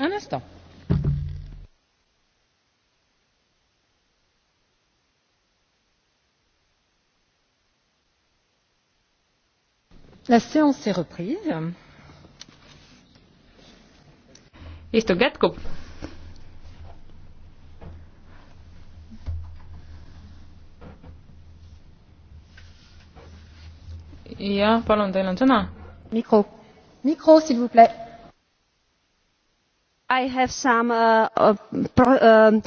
un instant. la séance est reprise istung jätkub. jah, palun, teil on sõna. mikro, mikro, s'il vous plait. I have some uh, uh pro, uh,